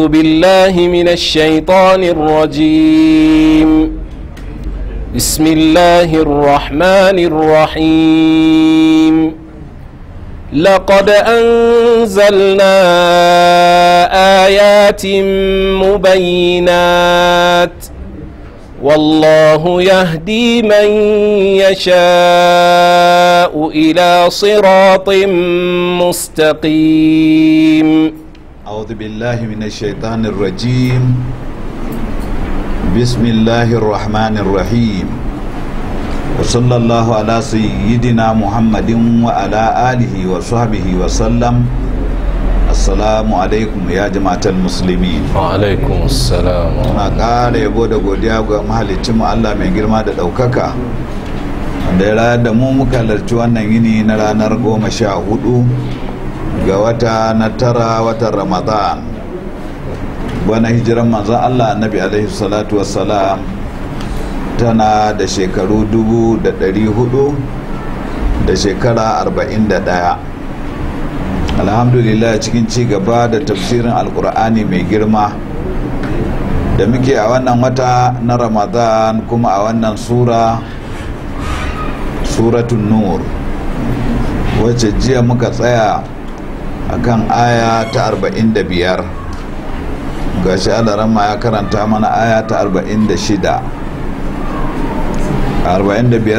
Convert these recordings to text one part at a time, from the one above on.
أعوذ بالله من الشيطان الرجيم بسم الله الرحمن الرحيم لقد أنزلنا آيات مبينات والله يهدي من يشاء إلى صراط مستقيم أعوذ بالله من الشيطان الرجيم بسم الله الرحمن الرحيم وصلى الله على سيدنا محمد وعلى آله وصحبه وسلم السلام عليكم يا جماعة المسلمين وعليكم السلام ما قال yabo da godiya ga mahalicinmu Allah mai girma da ɗaukaka da ya da mu muka halarci wannan yini na ranar ga wata na tara watan ramadan bana hijiran manzan allah annabi alaihi salatu wassalam tana da shekaru dubu da dari hudu da shekara arba'in da daya alhamdulillah cikin ci gaba da tafsirin alkur'ani mai girma da muke a wannan wata na ramadan kuma a wannan sura suratun nur wacce jiya muka tsaya akan aya ta 45 shi adarama ya karanta mana aya ta 46 45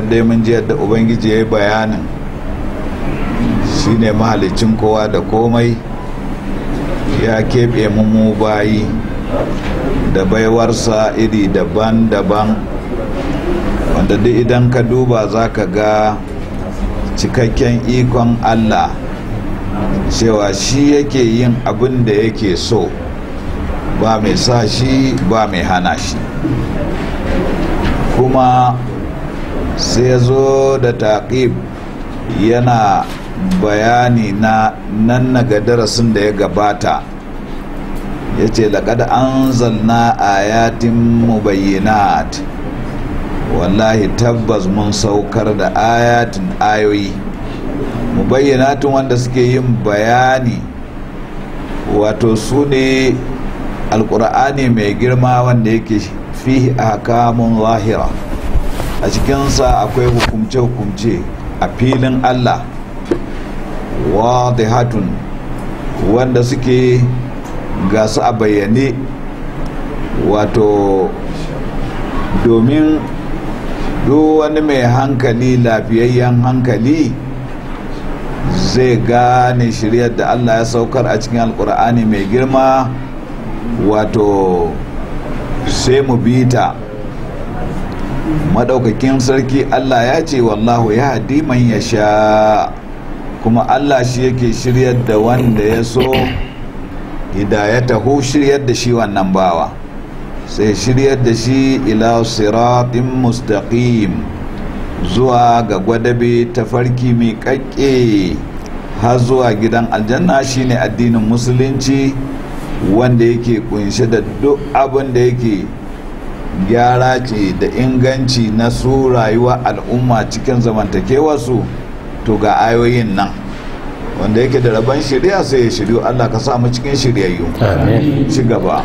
dai mun ji yadda ubangiji ya yi bayanin shine mahalicin kowa da komai ya keɓe mummu bayi da baiwarsa iri daban-daban wanda duk idan ka duba za ka ga cikakken ikon allah cewa shi yake yin abin da yake so ba mai sa shi ba mai hana shi kuma sai ya zo da taƙib yana bayani na nan naga darasin da ya gabata ya ce laƙada an zanna yatin mubayyanat wallahi tabbas mun saukar da ayatin ayoyi mubayyanatun wanda suke yin bayani wato su ne alkur'ani mai girma wanda yake fi hakamun zahira a cikinsa akwai hukumce-hukumce a filin allah hatun wanda suke gasu a bayyane wato domin duk wani mai hankali lafiyayyen hankali zai gane shiryar da allah ya saukar a cikin alkur'ani mai girma wato sai mu bi ta maɗaukakin sarki allah ya ce wallahu ya haɗi man ya sha kuma allah shi yake shiryar da wanda ya so taho shiryar da shi wannan bawa sai shiryar da shi ila siratin mustaqim zuwa ga gwadabe tafarki mai kakke har zuwa gidan aljanna shine addinin musulunci wanda yake kunshe da duk abin da yake gyara ce da inganci na su rayuwa al'umma cikin zamantakewarsu to ga ayoyin nan wanda yake da rabon shirya sai ya shirya allah ka samu cikin shiryayyu ci gaba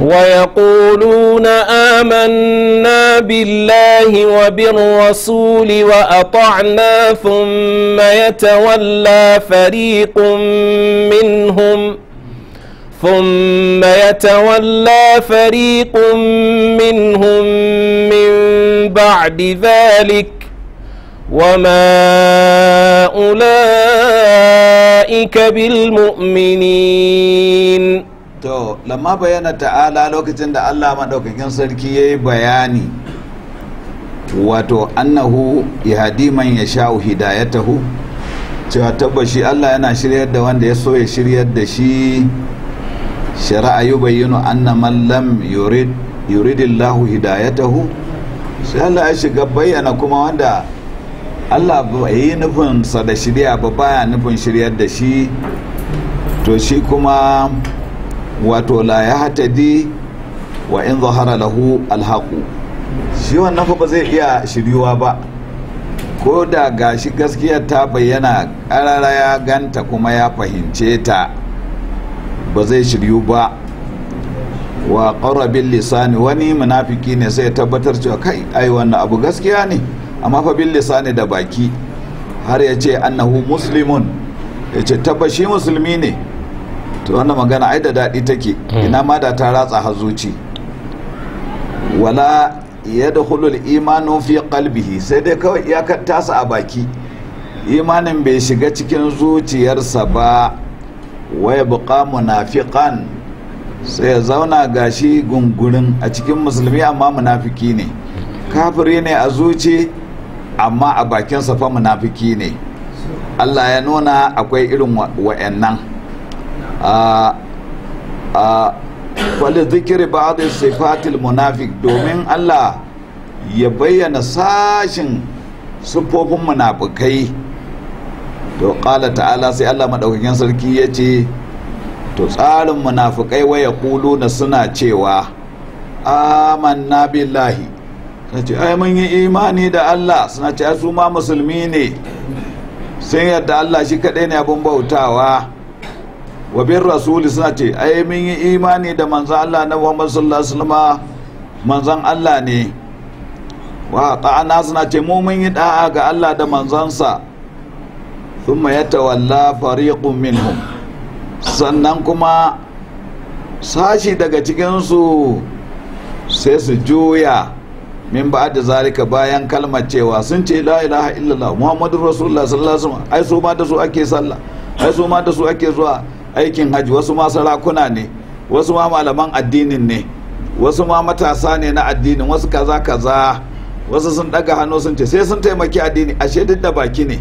ويقولون آمنا بالله وبالرسول وأطعنا ثم يتولى فريق منهم ثم يتولى فريق منهم من بعد ذلك وما أولئك بالمؤمنين to lamma bayyana ta'ala lokacin da Allah maɗaukakin sarki ya yi bayani wato annahu yahdi man yasha'u hidayatahu cewa tabbashi Allah yana shiryar da wanda ya so ya shiryar da shi shari'a yubayyinu anna man lam yurid yuridillahu hidayatahu sai Allah ya shiga bayyana kuma wanda Allah bai yi nufinsa da shirya ba baya nufin shiryar da shi to shi kuma wato la ya hatadi wa in zahara lahu alhaku shi wannan fa ba zai iya shiryuwa ba ko da ga shi gaskiya ta bayyana karara ya ganta kuma ya fahimce ta ba zai shiryu ba wa ƙarabin lisani wani munafiki ne sai tabbatar cewa kai ai wannan abu gaskiya ne amma fa bin lisani da baki har ya ce annahu muslimun ya ce tabbashi musulmi ne to wannan magana ai da daɗi take hmm. ina ma da ta ratsa hazuci wala ya da hulul imanin fi kalbihi sai dai kawai iyakar tasa a baki imanin bai shiga cikin zuciyarsa ba waya buƙa munafiƙan sai ya zauna gashi gungurin a cikin musulmi amma munafiki ne kafiri ne a zuci amma a bakinsa fa munafiki ne allah ya nuna akwai irin wa'annan a wali zikiri ba da sifatil munafik domin allah ya bayyana sashin siffofin munafukai to ƙala ta'ala sai allah maɗaukakin sarki ya ce to tsarin munafukai waya kulu na suna cewa amanna billahi suna ce ai mun yi imani da allah suna ce su ma musulmi ne sun yadda allah shi kaɗai ne abin bautawa wa bin rasuli suna ce ai mun yi imani da manzan Allah na Muhammad sallallahu alaihi wasallam manzan Allah ne wa ta'ana suna ce mu mun yi da'a ga Allah da manzansa thumma yatawalla fariqun minhum sannan kuma sashi daga cikinsu sai su juya min ba da zalika bayan kalmar cewa sun ce la ilaha illallah muhammadur rasulullah sallallahu alaihi wasallam ai su ma da su ake sallah ai su ma da su ake zuwa aikin hajji wasu ma sarakuna ne wasu ma malaman addinin ne wasu ma matasa ne na addinin wasu kaza kaza wasu sun daga hannu sun ce sai sun taimaki addini ashe duk da baki ne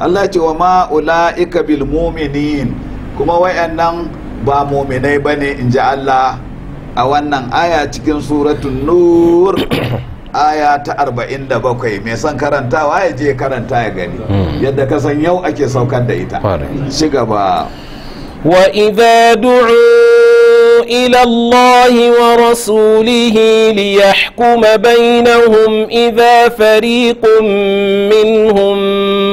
Allah ce wa ma bil mu'minin kuma wayannan ba mu'minai bane in ji Allah a wannan aya cikin suratul nur aya ta 47 mai son karantawa ya je karanta ya gani hmm. yadda ka san yau ake saukar da ita shiga gaba وإذا دعوا إلى الله ورسوله ليحكم بينهم إذا فريق منهم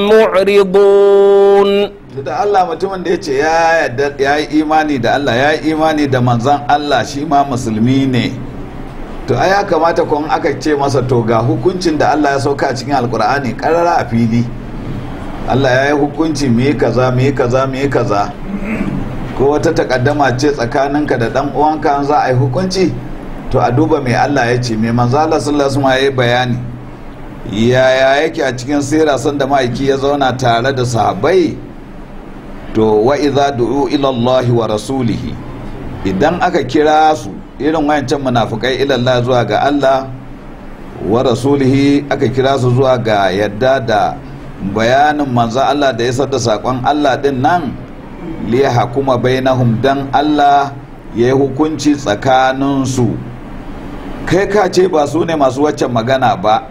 معرضون da Allah mutumin da ya ce ya yi imani da Allah ya yi imani da manzan Allah shi ma musulmi ne to a ya kamata kun aka ce masa to ga hukuncin da Allah ya sauka cikin alkur'ani karara a fili Allah ya yi hukunci mu kaza mu kaza mu kaza ko wata takaddama ce tsakaninka da dan uwanka za a yi hukunci to a duba mai Allah ya ce mai manzo Allah sallallahu alaihi wasallam bayani yaya yake a cikin sira san da maiki ya zauna tare da sahabbai to wa idza du'u ila Allah wa rasulihi idan aka kira su irin wayancan munafukai ila Allah zuwa ga Allah wa rasulihi aka kira su zuwa ga yadda da bayanin manzo Allah da ya sarda sakon Allah din nan liya hakuma bainahum dan Allah ya yi hukunci tsakaninsu kai ka ce ba su ne masu waccan magana ba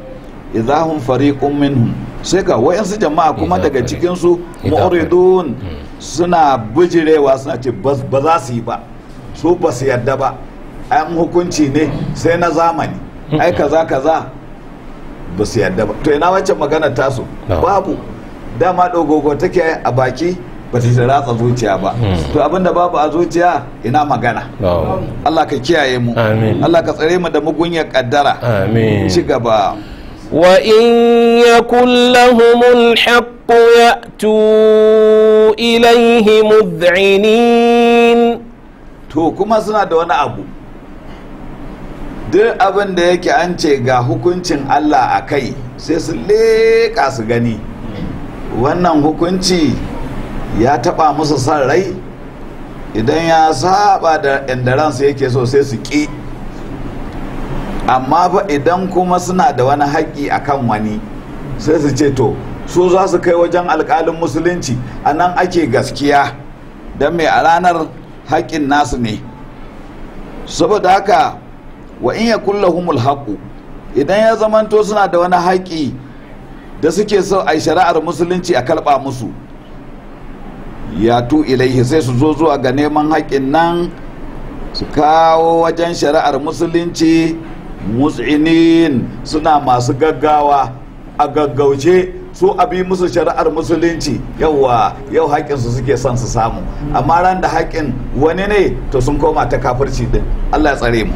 idahun fariqun minhum sai ka wayansu jama'a kuma daga cikinsu mu'ridun hmm. suna bujirewa suna ce ba za su yi ba su ba su yadda ba an hukunci ne sai na zamani hmm. ai kaza kaza ba su yadda ba to ina waccan magana tasu babu dama dogogo take a baki ba ta ratsa zuciya ba hmm. to abinda babu a zuciya ina magana Allah ka kiyaye mu Allah ka tsare mu da mugunyar kaddara ci gaba wa in yakul lahumul haqq ya'tu ilayhi mud'inin to kuma suna da wani abu duk abin da yake an ce ga hukuncin Allah a kai sai su leƙa su gani wannan hukunci ya taba musu san rai idan ya saba da inda yake so sai su ƙi amma ba idan kuma suna da wani haƙƙi a kan wani sai su ce to su za su kai wajen alƙalin musulunci a nan ake gaskiya don mai a ranar haƙƙin nasu ne saboda haka wa in ya kulla humul haƙu idan ya zamanto suna da wani haƙƙi da suke so a shari'ar musulunci a karɓa musu ya tu ilaihi sai su zo zuwa ga neman haƙin nan su kawo wajen shari'ar musulunci mutsinin suna masu gaggawa a gaggauce su abi musu shari'ar musulunci yauwa yau haƙƙinsu suke son su samu amma ran da haƙƙin wani ne to sun koma ta kafirci din allah ya tsare mu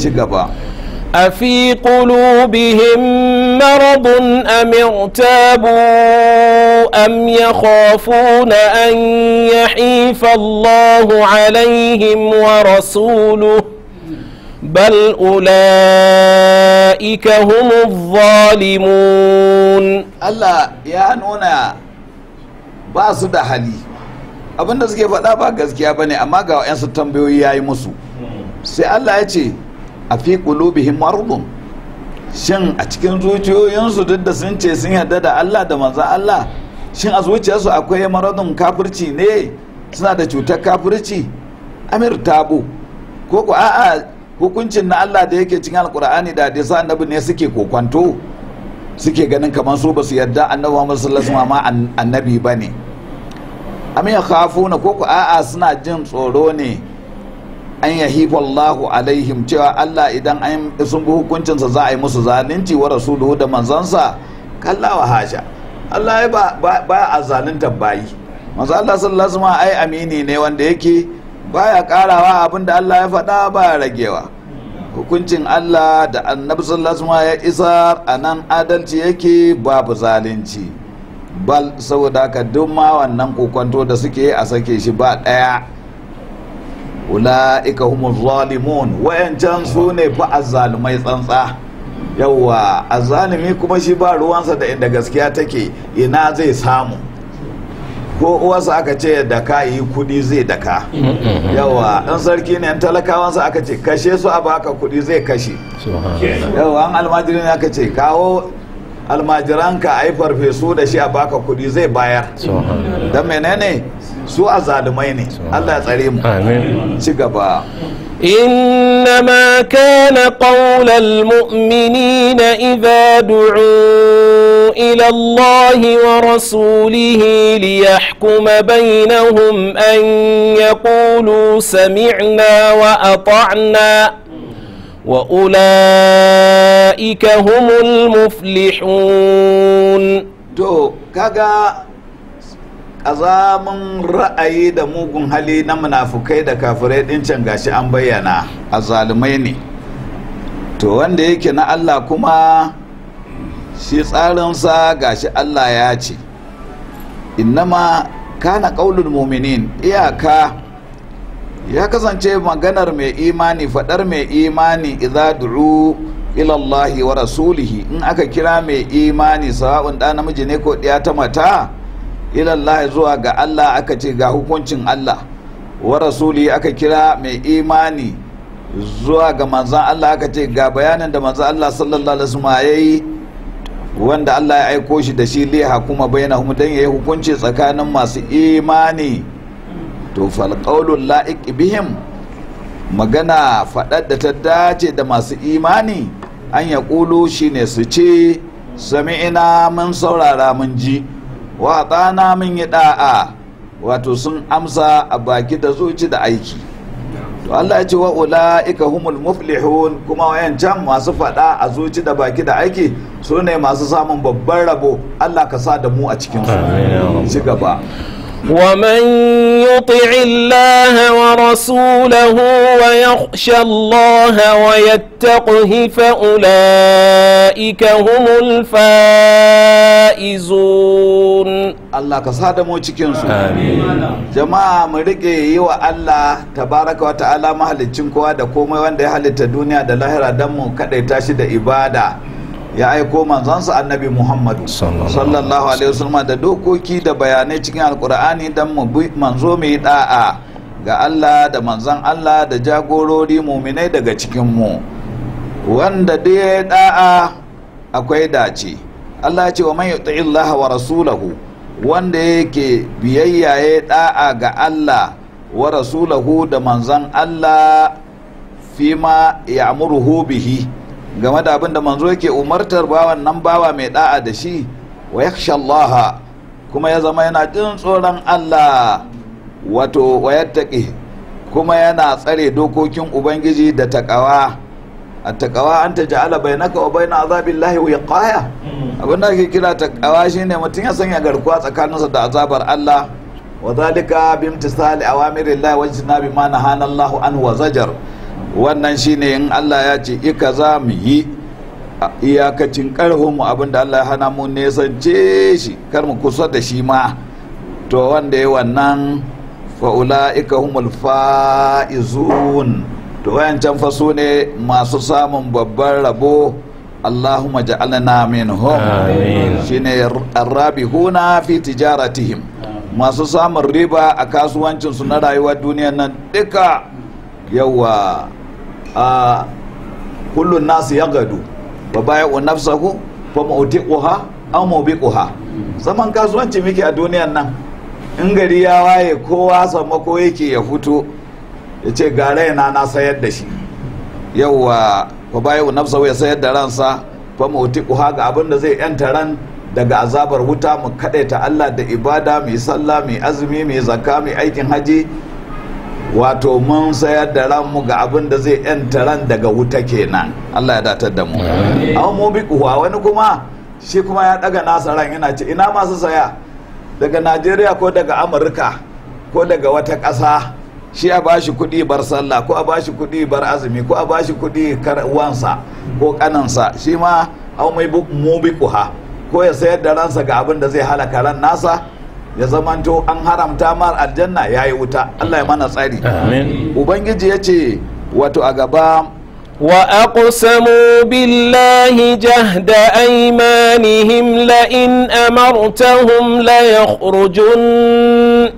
ci gaba أفي قلوبهم مرض أم ارتابوا أم يخافون أن يحيف الله عليهم ورسوله بل أولئك هم الظالمون الله يا نونا باسو دهلي hali abinda suke faɗa ba gaskiya bane amma ga 'yan su tambayoyi yayi musu sai a fi qulubihim maradun shin a cikin zuciyoyinsu duk da sun ce sun yarda da Allah da manzon Allah shin a zuciyarsu akwai maradun kafirci ne suna da cutar kafirci amir tabo ko ku a'a hukuncin na Allah da yake cikin alkur'ani da hadisa annabi ne suke kokwanto suke ganin kamar su ba su yarda annabi Muhammad sallallahu alaihi wasallam annabi bane am kafuna ko ku a'a suna jin tsoro ne an yahibu Allahu alaihim cewa Allah idan an sun bi hukuncinsa za a yi musu zalunci wa rasuluhu da manzansa kallawa haja Allah ya ba a zalunta bayi manzo Allah sallallahu alaihi ai amini ne wanda yake baya karawa abin da Allah ya faɗa ya ragewa hukuncin Allah da annabi sallallahu alaihi ya isa a nan adalci yake babu zalunci bal saboda ka duk ma wannan kokonto da suke a sake shi ba ɗaya ula'ika humul zalimun wayancan su ne fa azzalumai tsantsa yawwa azzalumi kuma shi ba ruwansa da inda gaskiya take ina zai samu ko uwarsa aka ce da ka yi kudi zai daka mm-hmm. yawa in sarki ne talakawansa aka ce kashe su a baka kudi zai kashe yawa an almajiri aka ce kawo almajiranka a yi farfesu da shi a baka kuɗi zai bayar don menene su azalumai ne allah ya tsare mu ci gaba إنما كان قول المؤمنين إذا دعوا إلى الله ورسوله ليحكم بينهم أن يقولوا سمعنا وأطعنا وأولئك هم المفلحون تو كاغا azamin ra'ayi da mugun hali na munafukai da kafirai din can gashi an bayyana zalumai ne to wanda yake na Allah kuma shi tsarinsa gashi Allah ya ce innama kana qaulul mu'minin iyaka ya kasance maganar mai imani fadar mai imani idza du'u ila Allah wa rasulihi in aka kira mai imani sawa'un da namiji ne ko ɗiya ta mata ila Allah zuwa ga Allah aka ce ga hukuncin Allah wa rasuli aka kira mai imani zuwa ga manzan Allah aka ce ga bayanin da manzan Allah sallallahu alaihi wasallam yayi wanda Allah ya aiko shi da shi liha kuma bainahum dan yayi hukunci tsakanin masu imani to falƙaulun la'iq bihim magana faɗar da ta dace da masu imani an ya ƙulu shi ne su ce sami ina mun saurara mun ji wa tsana mun yi ɗa'a wato sun amsa a baki da zuci da aiki to Allah ya ce wa ula'ika humul muflihun kuma can masu faɗa a zuci da baki da aiki su ne masu samun babban rabo Allah ka sa da mu a cikin su gaba ومن يطع الله ورسوله ويخشى الله ويتقه فأولئك هم الفائزون الله كسادة كنسو جماعة مرقي يو الله تبارك وتعالى مهل تشنكوا دا كومي وان دا هل الدنيا دا لاهرة دمو كده تاشد إبادة ya aiko manzansa annabi muhammad sallallahu alaihi wasallam da dokoki da bayanai cikin alkur'ani don manzo mai da'a ga allah da manzan allah da jagorori muminai daga cikinmu wanda da ya da'a akwai dace allah ce wa man yuti wa rasulahu wanda yake biyayya ya da'a ga allah wa rasulahu da manzan allah fima ya'muruhu bihi game da abin da manzo yake umartar bawan nan bawa mai da'a da shi wa yakhsha kuma ya zama yana jin tsoron Allah wato wa kuma yana tsare dokokin ubangiji da takawa a takawa an ta ja'ala naka wa azabin lahi wiqaya abin da ake kira takawa shine mutum ya sanya garkuwa tsakaninsa da azabar Allah wa zalika bimtisali awamirillahi na bi ma nahana lahu an wa zajar wannan shine in Allah ya ce ika za mu yi iyakacin karfinmu abinda Allah ya hana mu nesance shi kar mu kusa da shi ma to wanda ya wannan ika humul fa'izun to wayancan fa ne masu samun babban rabo Allahumma ja'alna minhum shine huna fi tijaratihim masu samun riba a kasuwancinsu na rayuwar duniya nan duka yawa a kullun nasu ya gado ba baya wa nafsa ku fa ma'uti ƙuha an zaman kasuwanci muke a duniyan nan in gari ya waye kowa ko yake ya fito ya ce gara raina na sayar da shi yauwa ba baya wa nafsa ya sayar da ransa fa ma'uti ƙuha ga abin da zai yanta ran daga azabar wuta mu kaɗaita Allah da ibada mai sallah mai azumi mai zakka mai aikin haji wato mun sayar da ran mu ga abin da zai yanta ran daga wuta kenan Allah ya datar da mu amma mu bi kuwa wani kuma shi kuma ya daga nasa ran yana ce ina masu saya daga Najeriya ko daga Amurka ko daga wata ƙasa shi a bashi kuɗi bar sallah ko a bashi kuɗi bar azumi ko a bashi kuɗi wansa ko kanansa shi ma mu bi kuha ko ya sayar da ransa ga abin da zai halaka ran nasa ya zamanto an haramta mar aljanna ya yi wuta allah ya mana tsari ubangiji ya ce wato a gaba wa aqsamu billahi jahda aymanihim la in amartahum la yakhrujun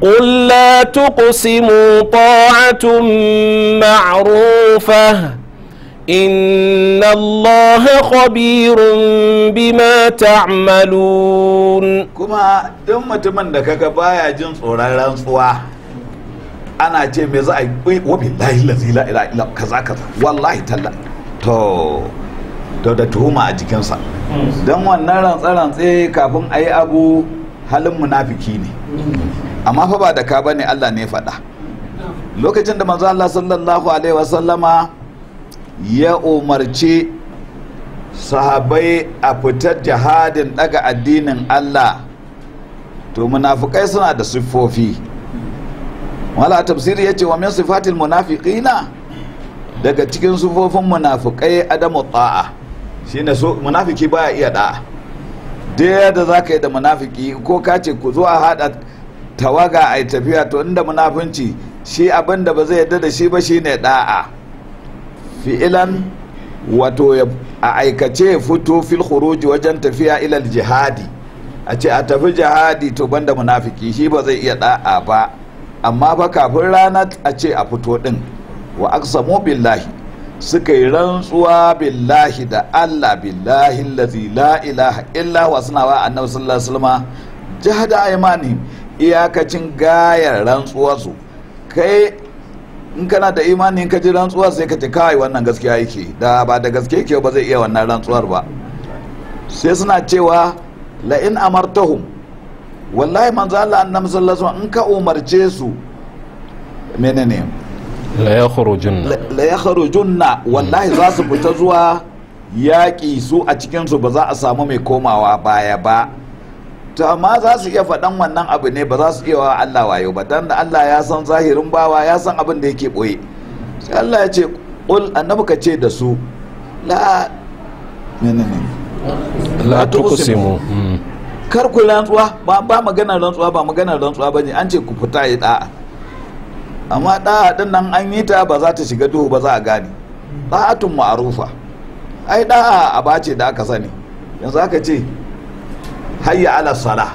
qul la tuqsimu ta'atun ma'rufah إن الله خبير بما تعملون كما دم متمن da kaga baya jin tsoron rantsuwa ana ce me za a yi wa billahi la ilaha illa kaza kaza wallahi talla to da tuhuma a jikinsa don wannan rantsa rantse kafin a yi abu halin munafiki ne amma fa ba da ka ne Allah ne faɗa lokacin da manzo Allah sallallahu alaihi wasallama ya umarci sahabai a fitar jihadin daga addinin Allah to munafikai suna da siffofi wala tafsiri ya ce wa min sifatil munafiqina daga cikin siffofin munafikai adamu ta'a shine so munafiki baya iya da'a da yadda za ka yi da munafiki ko ka ce ku zo a haɗa tawaga a tafiya to inda munafinci shi abinda da ba zai yadda da shi ba shine da'a fi'ilan wato a aikace fito fil khuruji wajen tafiya ilal jihadi a ce a tafi jihadi to banda munafiki shi ba zai iya da'a ba amma ba kafin rana a ce a fito din wa aksamu billahi suka yi rantsuwa billahi da Allah billahi allazi la ilaha illa wa suna wa annabi sallallahu alaihi wasallam jahada aymani iyakacin gayar rantsuwarsu kai in kana da imani in ka ji rantsuwa sai ka ce kawai wannan gaskiya yake da ba da gaske yake ba zai iya wannan rantsuwar ba sai suna cewa la in amartahum wallahi manzo Allah annabi sallallahu alaihi in ka umarce su menene la yakhrujunna la yakhrujunna wallahi za su fita zuwa yaƙi su a cikin su ba za a samu mai komawa baya ba to amma za su iya faɗan wannan abu ne ba za su iya wa Allah wayo ba dan da Allah ya san zahirin bawa ya san abin da yake boye sai Allah ya ce qul annabi ka ce da su la menene la tuqsimu hmm. kar ku rantsuwa ba ba maganar rantsuwa ba maganar rantsuwa bane an ce ku fita yi da'a amma da'a din nan an yi ta ba za ta shiga duhu ba za a gane da'atun ma'rufa ai da'a a bace da aka sani yanzu aka ce hayya ala sala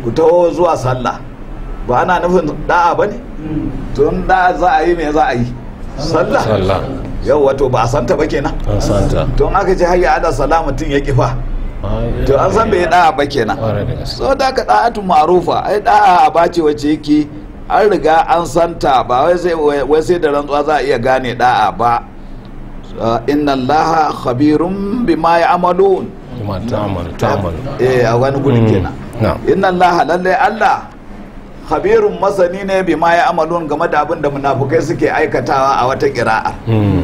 ku taho zuwa sallah ba ana nufin da'a ba ne tun da'a za a yi me za a yi sallah yau wato ba a santa ba kenan tun aka ce hayya ala sala mutum ya kifa to an san bai da'a ba kenan so da ka da'atu ma'rufa ai da'a ba ce wace yake an riga an santa ba wai sai da rantsuwa za a iya gane da'a ba inna allaha khabirun bima amalu. kuma eh a wani gurin mm. kenan inna allaha lalle allah khabirun masani ne bi ma ya amalun game da abin da munafukai suke aikatawa a wata kira'a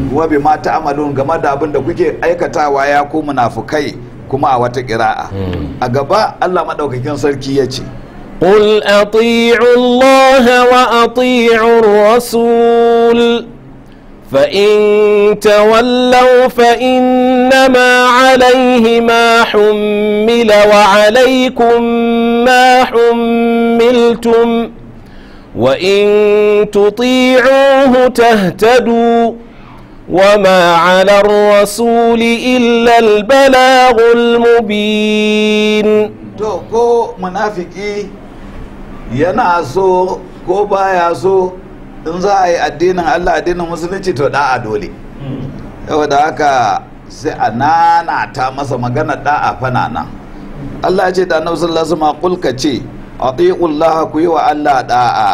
kuma mm. bi ma amalun game da abin da kuke aikatawa ya ku munafukai kuma a wata kira'a mm. a gaba Allah madaukakin sarki ya ce قل أطيعوا الله وأطيعوا الرسول فإن تولوا فإنما عليه ما حمل وعليكم ما حملتم وإن تطيعوه تهتدوا وما على الرسول إلا البلاغ المبين منافقي ينعزو كوبا يعزو in za a yi addinin allah addinin musulunci to da'a dole yau da haka sai a nana ta masa magana da'a fanana allah ya ce da annabi sallallahu alaihi kulka ce atiqullah ku yi wa allah da'a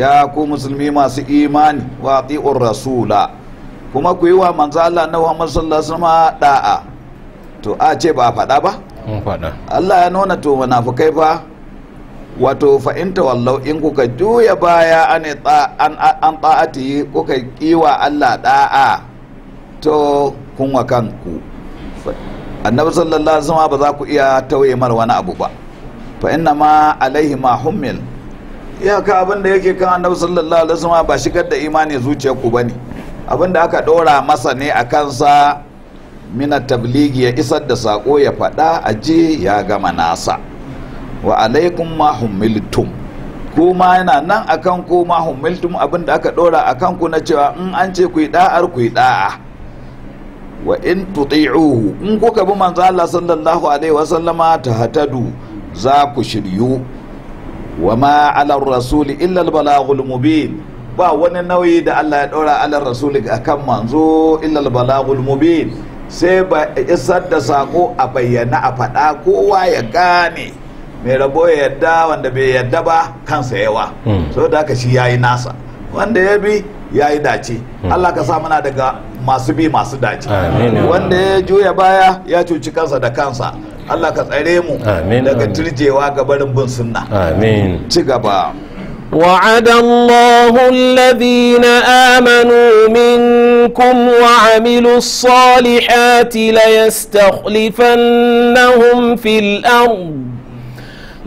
ya ku musulmi masu imani wa atiqur rasula kuma ku yi wa manzo allah na muhammad sallallahu da'a to a ce ba a faɗa ba Allah ya nuna to munafukai fa wato fa'inta wallau in kuka juya baya an ta'ati kuka kiwa Allah da'a to kun wa kanku annabi sallallahu alaihi wasallam ba za ku iya tauye mar wani abu ba fa inna ma alaihi ma hummil iyaka abin da yake kan annabi sallallahu alaihi wasallam ba shigar da imani zuciyar ku bane abin da aka dora masa ne a kansa mina tabligi ya isar da sako ya faɗa a je ya gama nasa wa alaikum ma humiltum kuma yana nan akan ku ma humiltum abin da aka dora akan ku na cewa in an ce ku yi da'ar ku yi da'a wa in tuti'uhu in kuka bi manzo Allah sallallahu alaihi wa sallama tahtadu za ku shiryu wa ma ala rasuli illa al balagul mubin ba wani nauyi da Allah ya ɗora alar rasuli akan manzo illal balagul mubin sai ba isar da sako a bayyana a faɗa kowa ya gane mai rabo ya yadda wanda bai yadda ba kansa yawa hmm. so da aka shi yayi nasa wanda ya bi ya yi dace hmm. Allah ka sa mana daga masu bi masu dace wanda ya juya baya ya cuci kansa da kansa Allah ka tsare mu daga turjewa ga barin bin sunna amin ci gaba وعد الله الذين آمنوا منكم وعملوا الصالحات ليستخلفنهم في الأرض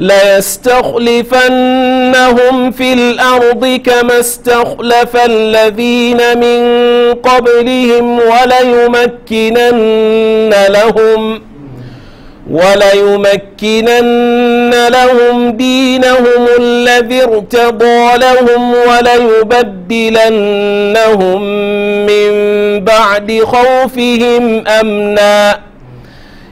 ليستخلفنهم في الأرض كما استخلف الذين من قبلهم وليمكنن لهم وليمكنن لهم دينهم الذي ارتضى لهم وليبدلنهم من بعد خوفهم أمناً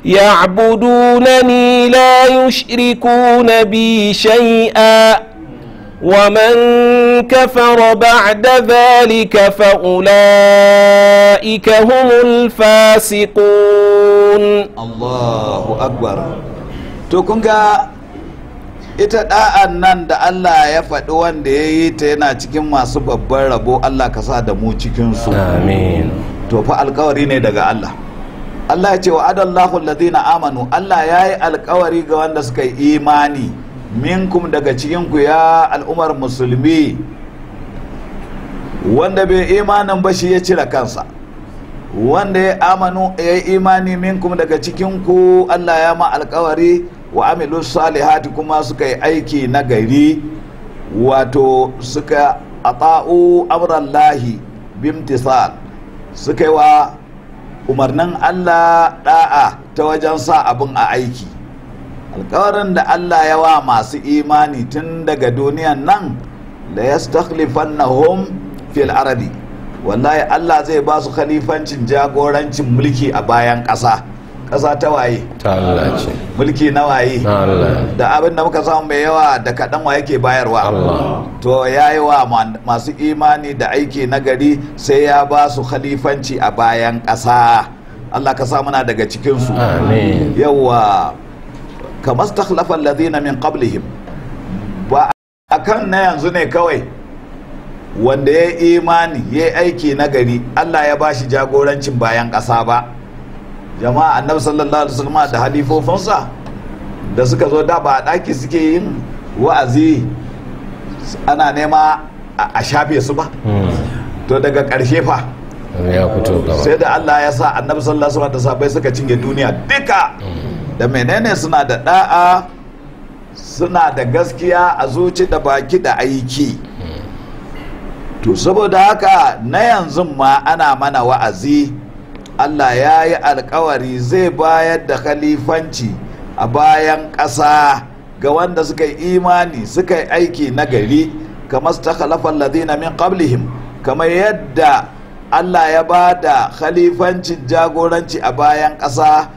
يعبدونني لا يشركون بي شيئا ومن كفر بعد ذلك فأولئك هم الفاسقون الله أكبر تكونك ita da'an nan da Allah ya faɗi wanda ya yi ta yana cikin masu babban rabo Allah ka sa da mu cikinsu amin to fa alkawari ne daga Allah Allah ya ce wa adallahu alladhina amanu Allah ya yi alkawari ga wanda suka yi imani minkum daga cikin ya al'ummar musulmi wanda bai imanin ba shi ya cire kansa wanda ya amanu ya yi imani minkum daga cikin ku Allah ya ma alkawari wa amilu salihati kuma suka yi aiki na gari wato suka ata'u amrallahi bimtisal suka yi wa umarnin Allah da'a ta wajen sa abin a aiki alkawarin da Allah ya wa masu imani tun daga duniyan nan da ya home fil arabi wallahi Allah zai ba su khalifancin jagorancin mulki a bayan ƙasa ƙasa ta waye mulki na waye da abin da muka samu mai yawa da kaɗan wa yake bayarwa to ya yi wa masu imani da aiki nagari sai ya ba su khalifanci a bayan ƙasa Allah ka sa muna daga cikinsu yawa kamar stakhlafan lazina min qablihim ba a kan na yanzu ne kawai wanda ya imani ya aiki nagari Allah ya ba shi jagorancin bayan ƙasa ba jama'a annabi sallallahu alaihi wasallam da halifofinsa da suka zo da ba a ɗaki suke yin wa'azi ana nema a shafe su ba hmm. to daga karshe fa sai da Allah ya sa annabi sallallahu alaihi wasallam da sabai suka cinye duniya duka hmm. da menene suna da da'a suna da gaskiya a zuci da baki da aiki hmm. to saboda haka na yanzu ma ana mana wa'azi Allah ya yi alkawari zai bayar da khalifanci a bayan ƙasa ga wanda suka yi imani suka yi aiki na gari kamar ta khalafan ladina min qablihim kamar yadda Allah ya ba da khalifancin jagoranci a bayan ƙasa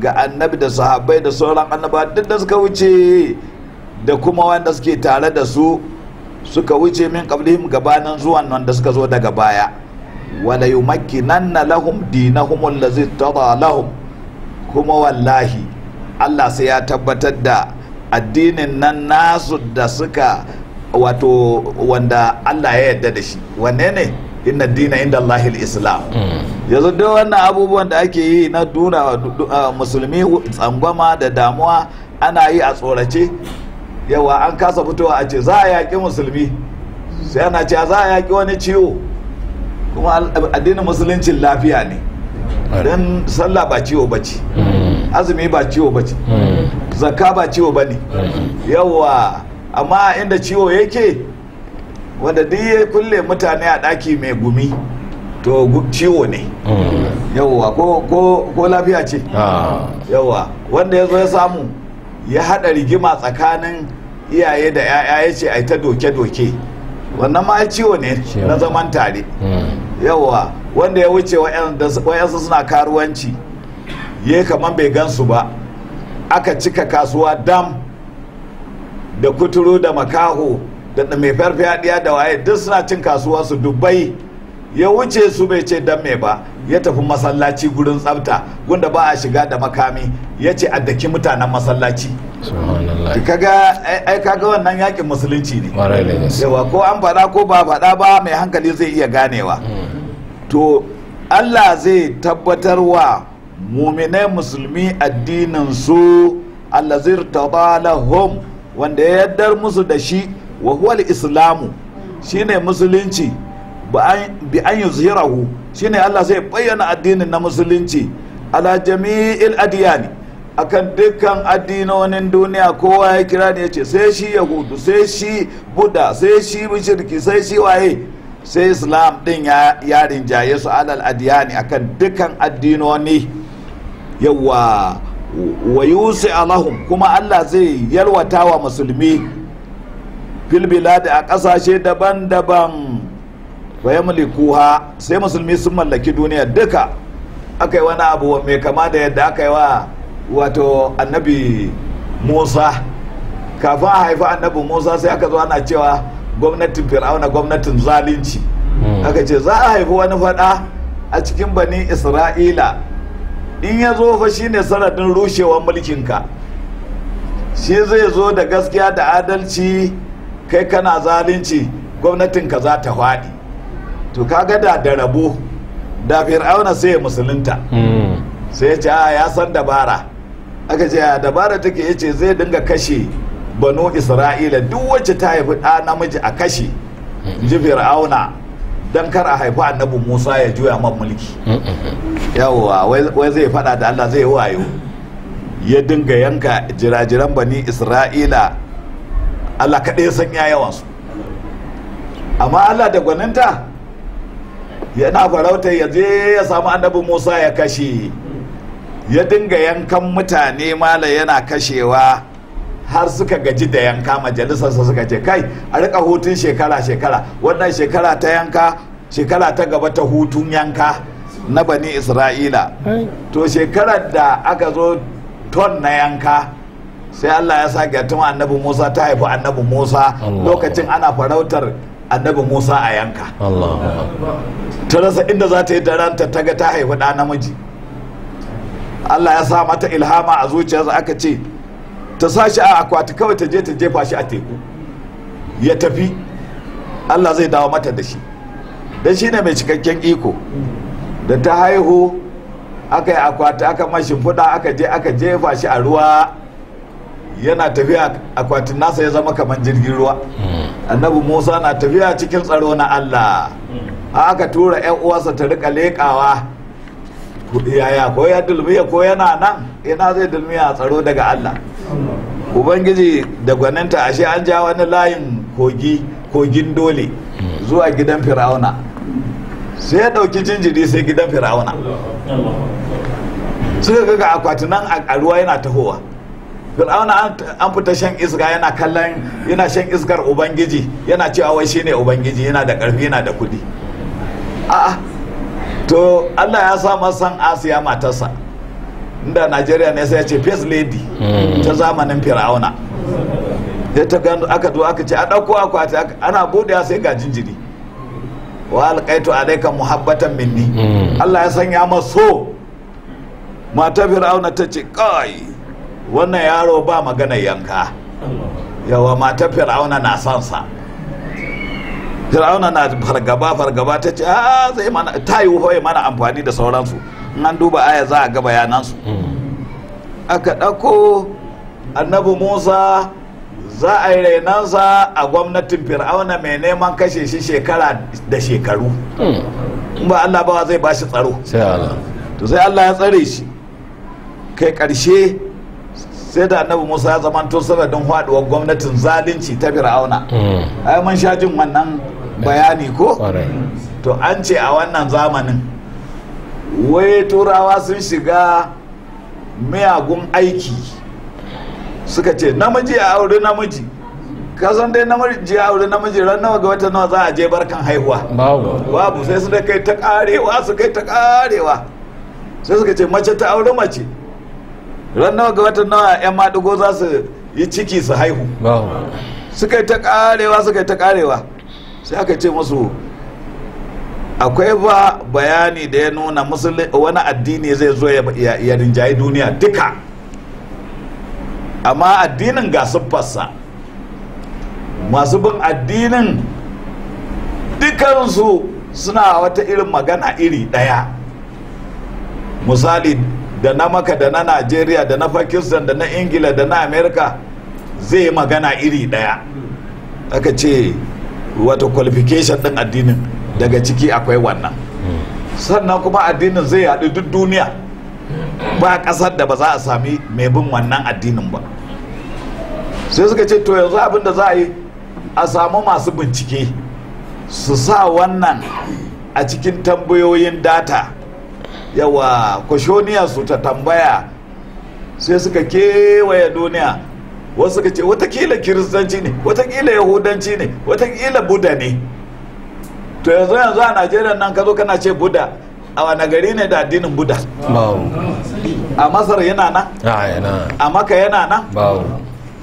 ga annabi da sahabai da sauran annaba duk da suka wuce da kuma wanda suke tare da su suka wuce min qablihim gabanin zuwan wanda suka zo daga baya wala na lahum dinahum zai taɓa lahum kuma wallahi Allah sai ya tabbatar da addinin nan nasu da suka wato wanda Allah ya yarda da shi wanne ne inna dina inda Allahil islam hmm. yanzu duk wannan abubuwan da ake yi na duna musulmi tsangwama da damuwa ana yi a tsorace yawa an kasa fitowa a ce za a yaƙi musulmi sai ana ce za a yaƙi wani ciwo kuma addinin musuluncin lafiya ne don sallah ba ciwo ba ce hmm. azumi ba ciwo ba ce hmm. zakka ba ciwo ba ne hmm. Yawwa amma inda ciwo yake wanda duk ya kulle mutane a ɗaki mai gumi to ciwo ne Yawwa ko lafiya ce ah. Yawwa wanda ya zo ya samu ya haɗa rigima tsakanin iyaye da 'ya'ya ya ce a ta doke-doke wannan ma ciwo ne na zaman tare yawa wanda ya wuce wayansu suna karuwanci ya kamar bai gansu ba aka cika kasuwa dam da kuturu da makaho da mai farfadiya da waye duk suna cin kasuwa su dubbai ya wuce su bai ce dan me ba ya tafi masallaci gurin tsafta gunda ba a shiga da makami ya ce a daki mutanen masallaci kaga ai kaga wannan yakin musulunci ne yawa ko an faɗa ko ba faɗa ba mai hankali zai iya ganewa hmm. to allah zai tabbatar wa muminai musulmi addinin su zai lahum wanda ya yaddar musu da shi wa huwal islamu shine musulunci bi an shi shine Allah zai bayyana addinin na musulunci ala jami'il adiyani akan dukkan addinonin duniya kowa ya kira ne ya ce sai shi yahudu sai shi buda sai shi mushriki sai shi waye sai islam din ya jaye su alal adiyani akan dukan addinoni yawa wa yusi alahum kuma Allah zai yalwata wa musulmi fil a kasashe daban-daban fahimli kuha sai musulmi sun mallaki duniya duka aka yi wani abu mai kama da yadda aka yi wa wato annabi Musa kafin a haifi annabi Musa sai aka zo ana cewa gwamnatin fir'auna gwamnatin zalunci hmm. aka ce za a haifi wani fada a cikin bani isra'ila in ya zo fa ne sanadin rushewar mulkinka shi zai zo da gaskiya da adalci kai kana zalunci gwamnatinka za ta faɗi to kaga da da rabo da fir'auna sai ya musulunta hmm. sai ya ce ya san dabara aka ce dabara take ya ce zai dinga kashe banu isra'ila duk wacce ta haifi ɗa namiji a kashe ji fir'auna don kar a haifi annabi musa ya juya man mulki yawwa wai zai faɗa da allah zai wayo ya dinga yanka jirajiran bani isra'ila allah kaɗai san ya yawansu amma allah da gwaninta yana farauta ya je ya samu annabi musa ya kashe ya dinga yankan mutane mala yana kashewa har suka gaji da yanka majalisarsa suka ce kai a rika hutun shekara-shekara wannan shekara ta yanka shekara ta gaba ta hutun yanka na bani isra'ila to shekarar da aka zo ton na yanka sai allah ya sake tun annabi musa ta haifi annabi musa lokacin ana farautar annabi musa a yanka ta rasa inda za ta yi daranta ta ga ta haifi da namiji allah ya sa mata ilhama a zuciyarsa aka ce ta sa shi a akwati kawai ta je ta jefa shi a teku ya tafi allah zai dawo mata da shi don shi ne mai cikakken iko da ta haihu aka yi akwati aka mashi fuda aka je aka jefa shi a ruwa yana tafiya akwatin nasa ya zama kamar jirgin ruwa annabi musa na tafiya cikin tsaro na allah aka tura 'yan uwarsa ta rika lekawa yaya ko ya dulmiya ko yana nan ina zai dulmiya tsaro daga allah ubangiji da gwaninta ashe an ja wani layin kogi kogin dole zuwa gidan fir'auna sai ya ɗauki jinjiri sai gidan fir'auna suka ga akwati nan a ruwa yana tahowa fir'auna an fita shan iska yana kallon yana shan iskar ubangiji yana cewa wai shi ne ubangiji yana da karfi yana da kuɗi a'a to allah ya sa masan asiya matarsa inda najeriya ne sai ya ce face lady hmm. ta zamanin fir'auna da ta gano aka zo aka ce a ɗauko akwati ana buɗe sai ga jinjiri wa alƙaitu alaika muhabbatan minni hmm. Allah ya sanya maso mata fir'auna ta ce kai wannan yaro ba magana yanka yawa mata fir'auna na son fir'auna na fargaba fargaba ta ce a zai mana ta yi mana amfani da sauransu Nan duba aya za a ga bayanansu aka ɗauko annabi musa za a yi rainansa a gwamnatin fir'auna mai neman kashe shi shekara da shekaru in ba allah bawa zai ba shi tsaro to sai allah ya tsare shi kai ƙarshe sai da annabi musa ya zamanto sanadin haɗuwar gwamnatin zalunci ta fir'auna hmm. ai mun sha jin wannan bayani ko to an ce a wannan zamanin wai turawa sun shiga miyagun aiki suka ce namiji a aure namiji kasan dai namiji a aure namiji ran nawa ga wata nawa za a je barkan haihuwa babu sai su da kai ta karewa su kai ta karewa sai suka ce mace ta aure mace ran nawa ga wata nawa yan madugo za su yi ciki su haihu suka yi ta karewa suka yi ta karewa sai aka ce musu akwai ba bayani da ya nuna wani addini zai zo ya rinjayi duniya duka amma addinin ga siffarsa masu bin addinin dukansu suna wata irin magana iri ɗaya misali da na maka da na najeriya da na pakistan da na ingila da na amerika zai yi magana iri ɗaya aka ce wata qualification ɗin addinin daga ciki akwai wannan sannan kuma addinin zai yaɗu duk duniya ba ƙasar da ba za a sami mai bin wannan addinin ba sai suka ce to yanzu abin da za a yi a samu masu bincike su sa wannan a cikin tambayoyin data yawa kwashoniya su ta tambaya sai suka kewaye duniya wasu suka ce watakila kiristanci ne watakila yahudanci ne watakila buda ne to yanzu yanzu a najeriya nan ka zo kana ce buda a wani gari ne da addinin buda a masar yana na? a maka yana na?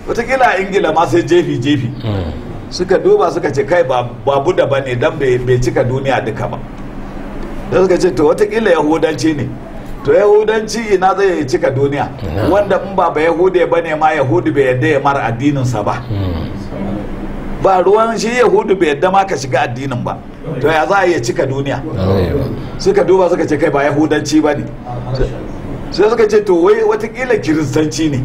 watakila a ingila ma sai jefi jefi hmm. suka duba suka ce kai ba buda ba ne don bai cika duniya duka ba da suka ce to watakila yahudanci ne to yahudanci ina zai cika duniya wanda in ba ba yahude ba ne ma yahudu bai yadda ya mara addininsa ba hmm. ba ruwan shi yahudu bai yadda ma ka shiga addinin ba to ya za a iya cika duniya suka duba suka ce kai ba yahudanci ba ne sai suka ce to wai watakila kiristanci ne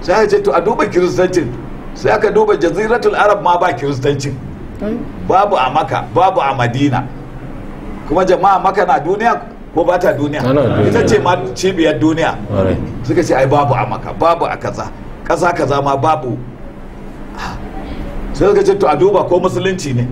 sai aka ce to a duba kiristancin sai aka duba jaziratul arab ma ba kiristancin babu a maka babu a madina kuma jama'a maka na duniya ko ba ta duniya ita ce ma cibiyar duniya suka ce ai babu a maka babu a kaza kaza kaza ma babu sai suka ce to a duba ko musulunci ne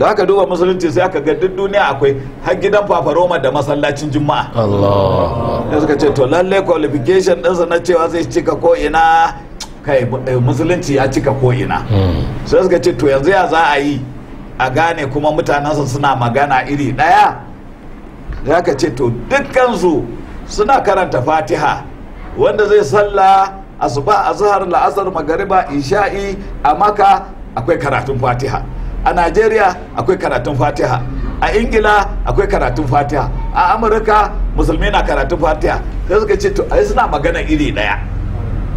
da aka duba musulunci sai aka ga duk duniya akwai har gidan fafaroma da masallacin juma'a Allah ya suka ce to lalle qualification ɗinsa na cewa zai cika ko ina kai eh, musulunci ya cika ko ina hmm. sai suka ce to yanzu ya za a yi a gane kuma mutanensa suna magana iri ɗaya da aka ce to dukkansu suna karanta fatiha wanda zai salla asuba azhar la'asar magariba isha'i a maka akwai karatun fatiha a najeriya akwai karatun fatiha a ingila akwai karatun fatiha a amurka musulmi na karatun fatiha sai suka ce to ai suna magana iri daya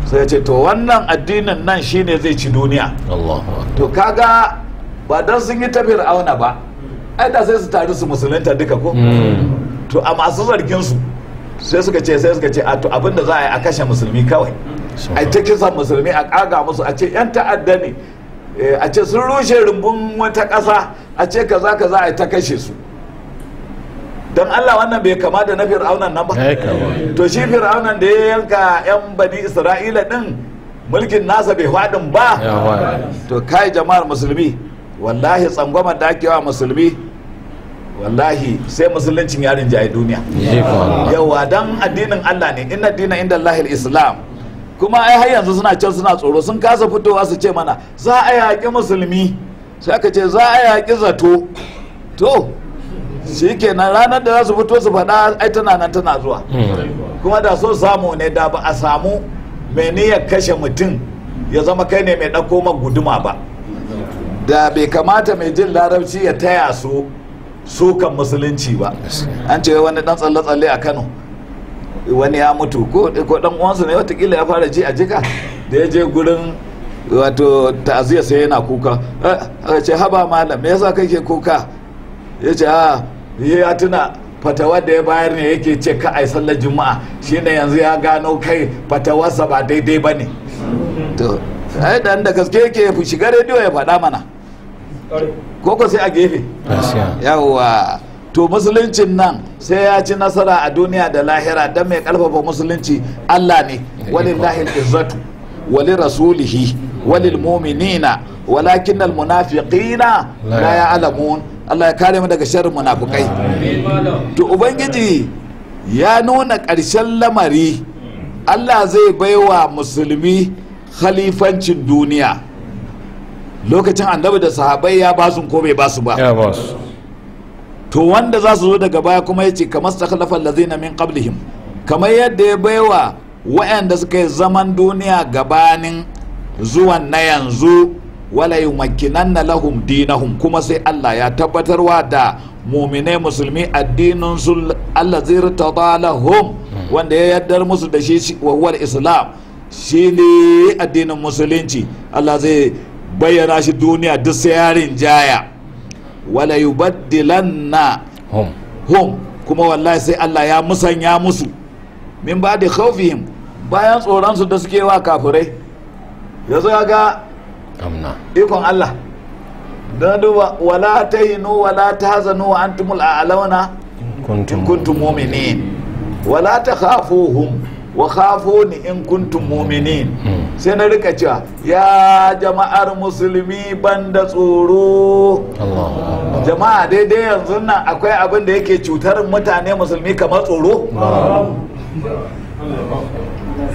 sai ya ce to wannan addinin nan shine zai ci duniya to kaga ba dan sun yi tafiyar auna ba ai da sai su taru su musulunta duka ko hmm. to a masu zargin su sai suka ce sai suka ce a to abinda za a yi a kashe musulmi kawai ai ta kisan musulmi a kaga musu a ce yan ta'adda ne Eh, a ce sun rushe rumbun wata ƙasa a ce kaza kaza a ta kashe su don Allah wannan bai kama da na fir'aunan nan ba to shi fir'aunan da ya yanka 'yan bani isra'ila din mulkin nasa bai faɗin ba to kai jama'ar musulmi wallahi tsangwama da ake wa musulmi wallahi sai musuluncin yarin jaye duniya yawa don addinin Allah ne inna dina inda Allahil islam kuma ai har yanzu suna can suna tsoro sun kasa fitowa su ce mana za a yaƙi musulmi sai aka ce za a yaƙi zato to shi kenan ranar da za su fito su faɗa ai tana nan tana zuwa kuma da so samu ne da ba a samu mai niyyar kashe mutum ya zama kai ne mai ɗauko ma guduma ba da bai kamata mai jin larabci ya taya su sukan musulunci ba an ce wani ɗan tsalle-tsalle a kano wani ya mutu ko dan uwansa ne watakila ya fara ji a jika da ya je gurin wato ta'aziyya sai yana kuka a ce haba malam me yasa kake kuka ya ce a ah, ya tuna fatawa da ya bayar ne yake ce ka ai sallar juma'a shine yanzu ya gano kai fatawarsa ba daidai ba ne to ai dan da gaske yake shiga rediyo ya faɗa mana ko ko sai a gefe yawwa to musuluncin nan sai ya ci nasara a duniya da lahira don mai karfafa musulunci allah ne lahil izzatu wali rasulihi walil muminina walakin al munafiqina la alamun Allah ya kare mu daga sharrin munafukai to ubangiji ya nuna karshen lamari Allah zai baiwa musulmi khalifancin duniya lokacin annabi da sahabai ya basu ko bai basu ba ya basu to wanda za su zo daga baya kuma ya ce kamar stakhlafa allazina min qablihim kamar yadda ya baiwa waɗanda suka yi zaman duniya gabanin zuwan na yanzu wala yumakkinanna lahum dinahum kuma sai Allah ya tabbatarwa da muminai musulmi addinin su Allah zai lahum wanda ya yaddar musu da shi wa islam shi ne addinin musulunci Allah zai bayyana shi duniya duk sai yarin jaya wala yubaddilanna hum hum kuma wallahi sai Allah ya musanya musu min ba da khawfihim bayan tsoron su da suke wa kafirai yanzu ga amna ikon Allah da duba wala tahinu wala tahzanu wa antumul a'launa kuntum mu'minin wala takhafuhum wa khafo ni in kuntum mu'minin sai na rika cewa ya jama'ar musulmi banda tsoro jama'a daidai yanzu nan akwai abin da yake cutar mutane musulmi kamar tsoro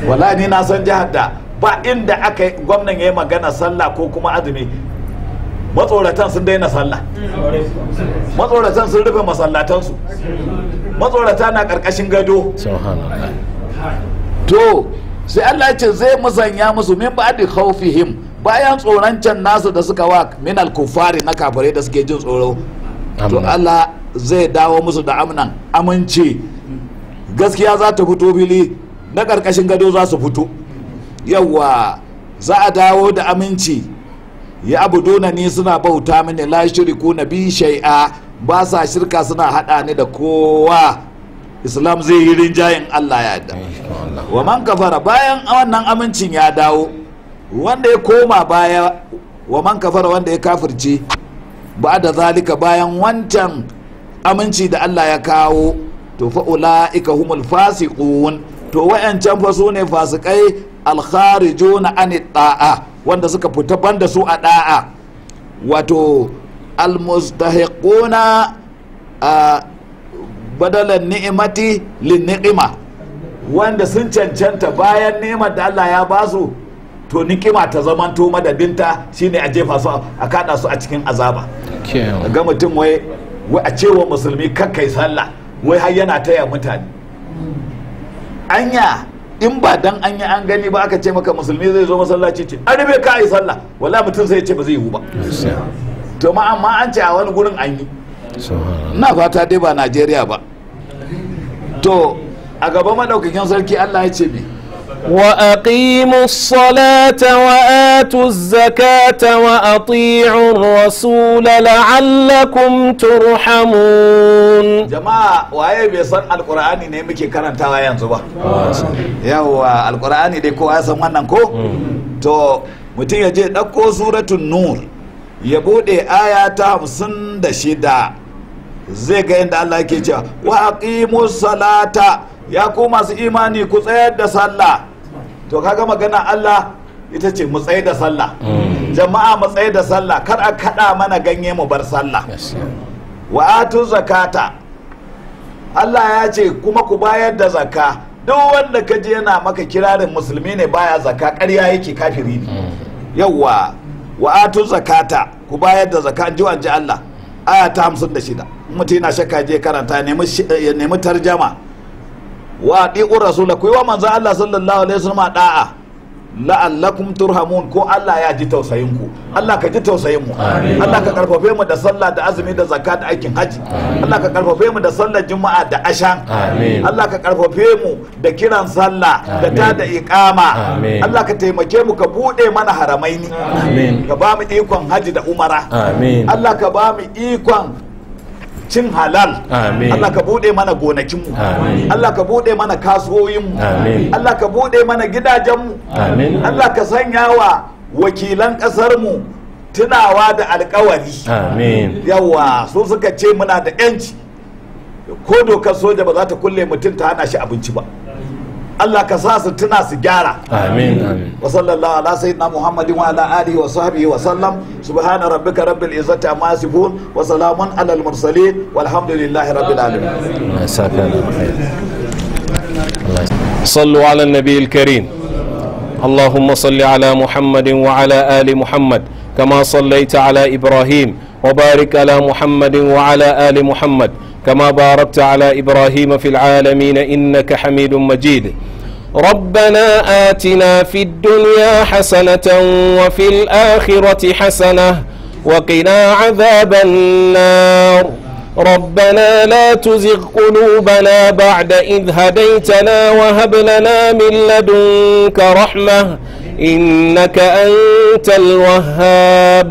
wala ni na san jihar da ba inda aka yi gwamnan ya yi magana sallah ko kuma azumi matsoratan sun daina sallah matsoratan sun rufe masallatansu matsorata na karkashin gado to sai Allah ce zai musanya musu min ba'di khawfihim bayan tsoron can nasu da suka wa min al-kufari na kafare da suke jin tsoro to Allah zai dawo musu da amnan aminci gaskiya za ta fito fili na karkashin gado za su fito yawa za a dawo da aminci ya abuduna ni suna bauta mini la shiriku na bi shai'a ba sa shirka suna hada ni da kowa islam zai yi rinjayen allah ya da wa man kafara bayan wannan amincin ya dawo wanda ya koma baya wa man kafara wanda ya kafirce ba da zalika bayan wancan aminci da allah ya kawo to fa'ula ika humul fasiqun to wayancan fa su ne fasikai na ani da'a wanda suka fita banda su a da'a wato almustahiquna ah, badalan ni'imati lin ni'ima wanda sun cancanta bayan ni'imar da Allah ya ba su to ni'ima ta to madadinta shine a jefa su a kada su a cikin azaba ga mutum wai wai a cewa musulmi kakkai sallah wai har yana taya mutane anya in ba dan an an gani ba aka ce maka musulmi zai zo masallaci ce an rube ka yi sallah wala mutum sai ya ce ba zai yi ba to ma amma an ce a wani gurin an yi Na fa ta diba Najeriya ba. A gaba, Madauki kan sarki Allah ya ce me. Wa'aki musalata wa Atus zaƙatawa Ati'un Wasu la la'allakum tuhamun. Jama'a, wa bai san Alƙur'ani ne muke karantawa yanzu ba? Yawwa, Alƙur'ani ne ko an san wannan ko? Hmm. To, mutum ya je ɗauko suratun Nur ya buɗe ayata hamsin da shida. zai ga yadda Allah ke cewa wa aqimu salata ya ku masu imani ku tsayar da sallah to kaga magana Allah ita ce mu tsayar da sallah mm. jama'a mu tsayar da sallah kar a kada mana ganye mu bar sallah wa atu zakata Allah ya ce kuma ku bayar da zakka duk wanda ka je yana maka kirarin musulmi ne baya zakka ƙarya yake kafiri ne mm. yawwa wa atu zakata ku bayar da zakka ji Allah aya ta 56 mutum yana shakka je karanta ya nemi tarjama wa ɗi'ur rasula ku yi wa manzan Allah sallallahu alaihi wasallam da'a la'allakum turhamun ko Allah ya ji tausayin ku Allah ka ji tausayin mu Allah ka karfafe mu da sallah da azumi da zakka da aikin haji Allah ka karfafe mu da sallar juma'a da ashan Allah ka karfafe mu da kiran sallah da ta da iqama Allah ka taimake mu ka buɗe mana haramaini ka ba mu ikon haji da umara Allah ka ba mu ikon cin halal Allah ka bude mana gonakinmu Allah ka bude mana kasuwoyinmu Allah ka bude mana gidajenmu Allah ka sanya wa wakilan ƙasarmu tunawa da alkawari yawa so suka ce muna da 'yanci ko dokar soja ba za ta kulle mutum ta hana shi abinci ba Allah ka sa su tuna su gyara amin amin wa sallallahu ala sayyidina muhammadin wa ala alihi wa sahbihi wa sallam subhana rabbika rabbil izzati amma yasifun wa salamun ala al mursalin walhamdulillahi rabbil alamin Karim. على salli ala Muhammadin wa ala Ali Muhammad. Kama sallaita ala Ibrahim. على ابراهيم وبارك Muhammadin wa ala Ali Muhammad. كما باركت على إبراهيم في العالمين إنك حميد مجيد ربنا آتنا في الدنيا حسنة وفي الآخرة حسنة وقنا عذاب النار ربنا لا تزغ قلوبنا بعد إذ هديتنا وهب لنا من لدنك رحمة إنك أنت الوهاب